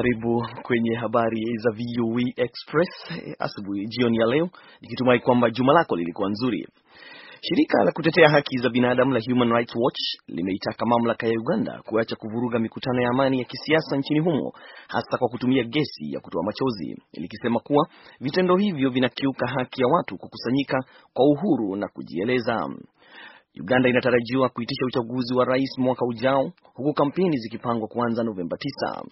Karibu kwenye habari za VOA e Express eh, asubuhi jioni ya leo, nikitumai kwamba juma lako lilikuwa nzuri. Shirika la kutetea haki za binadamu la Human Rights Watch limeitaka mamlaka ya Uganda kuacha kuvuruga mikutano ya amani ya kisiasa nchini humo, hasa kwa kutumia gesi ya kutoa machozi, likisema kuwa vitendo hivyo vinakiuka haki ya watu kukusanyika kwa uhuru na kujieleza. Uganda inatarajiwa kuitisha uchaguzi wa rais mwaka ujao huku kampeni zikipangwa kuanza Novemba 9.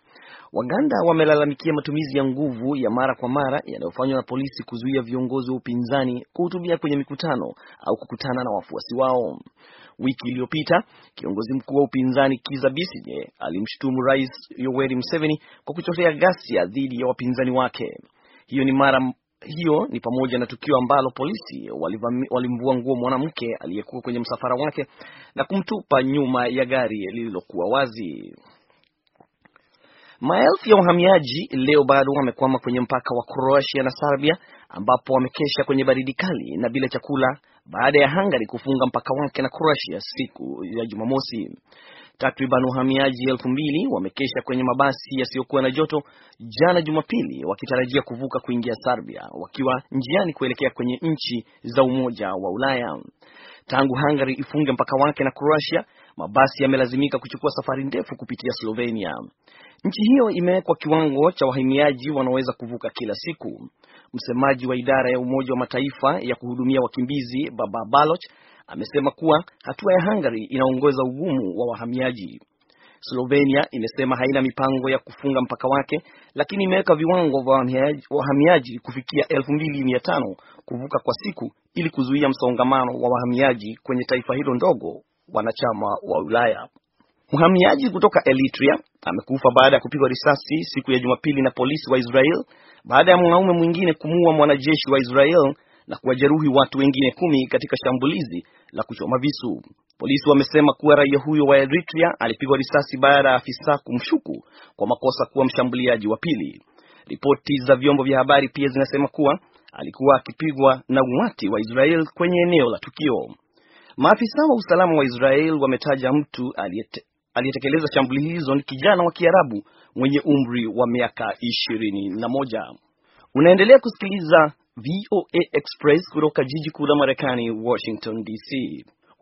Waganda wamelalamikia matumizi ya nguvu ya mara kwa mara yanayofanywa na polisi kuzuia viongozi wa upinzani kuhutubia kwenye mikutano au kukutana na wafuasi wao. Wiki iliyopita kiongozi mkuu wa upinzani Kizza Besigye alimshutumu Rais Yoweri Museveni kwa kuchochea ghasia dhidi ya wapinzani wake. Hiyo ni mara hiyo ni pamoja na tukio ambalo polisi walimvua nguo mwanamke aliyekuwa kwenye msafara wake na kumtupa nyuma ya gari lililokuwa wazi. Maelfu ya wahamiaji leo bado wamekwama kwenye mpaka wa Croatia na Serbia ambapo wamekesha kwenye baridi kali na bila chakula baada ya Hungary kufunga mpaka wake na Croatia siku ya Jumamosi. Takriban wahamiaji elfu mbili wamekesha kwenye mabasi yasiyokuwa na joto jana Jumapili, wakitarajia kuvuka kuingia Serbia, wakiwa njiani kuelekea kwenye nchi za Umoja wa Ulaya. Tangu Hungary ifunge mpaka wake na Croatia, mabasi yamelazimika kuchukua safari ndefu kupitia Slovenia. Nchi hiyo imewekwa kiwango cha wahamiaji wanaoweza kuvuka kila siku. Msemaji wa idara ya Umoja wa Mataifa ya kuhudumia wakimbizi Baba Baloch amesema kuwa hatua ya Hungary inaongeza ugumu wa wahamiaji. Slovenia imesema haina mipango ya kufunga mpaka wake, lakini imeweka viwango vya wahamiaji, wahamiaji kufikia 2500 kuvuka kwa siku ili kuzuia msongamano wa wahamiaji kwenye taifa hilo ndogo wanachama wa Ulaya. Mhamiaji kutoka Eritrea amekufa baada ya kupigwa risasi siku ya Jumapili na polisi wa Israel baada ya mwanaume mwingine kumuua mwanajeshi wa Israel na kuwajeruhi watu wengine kumi katika shambulizi la kuchoma visu. Polisi wamesema kuwa raia huyo wa Eritrea alipigwa risasi baada ya afisa kumshuku kwa makosa kuwa mshambuliaji wa pili. Ripoti za vyombo vya habari pia zinasema kuwa alikuwa akipigwa na umati wa Israel kwenye eneo la tukio. Maafisa wa usalama wa Israel wametaja mtu aliyetekeleza shambulio hizo ni kijana wa Kiarabu mwenye umri wa miaka ishirini na moja. Unaendelea kusikiliza VOA Express kutoka jiji kuu la Marekani, Washington DC.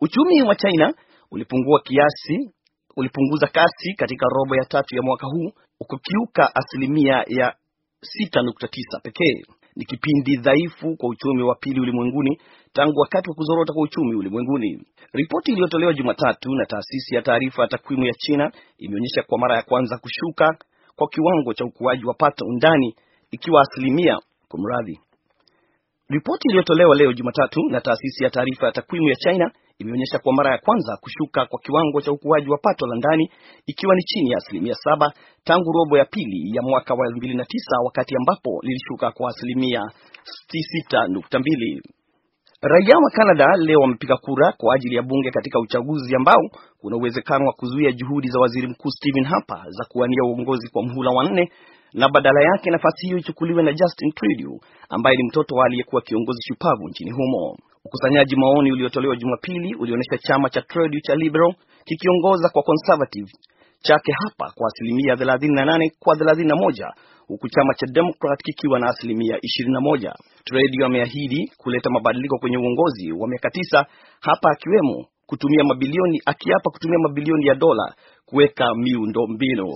Uchumi wa China ulipungua kiasi ulipunguza kasi katika robo ya tatu ya mwaka huu ukukiuka asilimia ya 6.9 pekee ni kipindi dhaifu kwa uchumi wa pili ulimwenguni tangu wakati wa kuzorota kwa uchumi ulimwenguni. Ripoti iliyotolewa Jumatatu na taasisi ya taarifa ya takwimu ya China imeonyesha kwa mara ya kwanza kushuka kwa kiwango cha ukuaji wa pato ndani ikiwa asilimia kwa mradhi. Ripoti iliyotolewa leo Jumatatu na taasisi ya taarifa ya takwimu ya China imeonyesha kwa mara ya kwanza kushuka kwa kiwango cha ukuaji wa pato la ndani ikiwa ni chini ya asilimia saba tangu robo ya pili ya mwaka wa 2009 wakati ambapo lilishuka kwa asilimia 6.2. Raia wa canada leo wamepiga kura kwa ajili ya bunge katika uchaguzi ambao kuna uwezekano wa kuzuia juhudi za waziri mkuu Stephen Harper za kuwania uongozi kwa mhula wa nne, na badala yake nafasi hiyo ichukuliwe na Justin Trudeau ambaye ni mtoto wa aliyekuwa kiongozi shupavu nchini humo. Ukusanyaji maoni uliotolewa Jumapili ulionyesha chama cha Trade cha Liberal kikiongoza kwa Conservative chake hapa kwa asilimia 38 kwa 31 huku chama cha Democrat kikiwa na asilimia 21. Trade ameahidi kuleta mabadiliko kwenye uongozi wa miaka tisa hapa, akiwemo kutumia mabilioni, akiapa kutumia mabilioni ya dola kuweka miundo mbinu.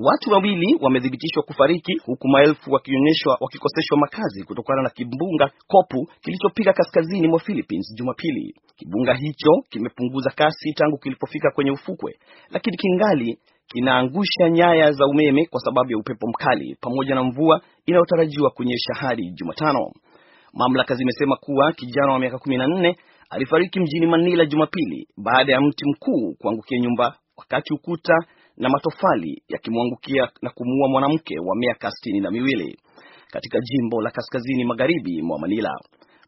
Watu wawili wamethibitishwa kufariki huku maelfu wakionyeshwa wakikoseshwa makazi kutokana na kimbunga Kopu kilichopiga kaskazini mwa Philippines Jumapili. Kimbunga hicho kimepunguza kasi tangu kilipofika kwenye ufukwe, lakini kingali kinaangusha nyaya za umeme kwa sababu ya upepo mkali pamoja na mvua inayotarajiwa kunyesha hadi Jumatano. Mamlaka zimesema kuwa kijana wa miaka 14 alifariki mjini Manila Jumapili baada ya mti mkuu kuangukia nyumba wakati ukuta na matofali yakimwangukia na kumuua mwanamke wa miaka sitini na miwili katika jimbo la kaskazini magharibi mwa Manila.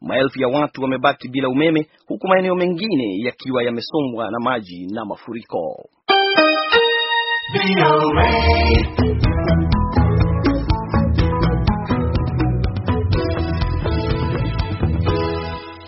Maelfu ya watu wamebaki bila umeme huku maeneo mengine yakiwa yamesombwa na maji na mafuriko.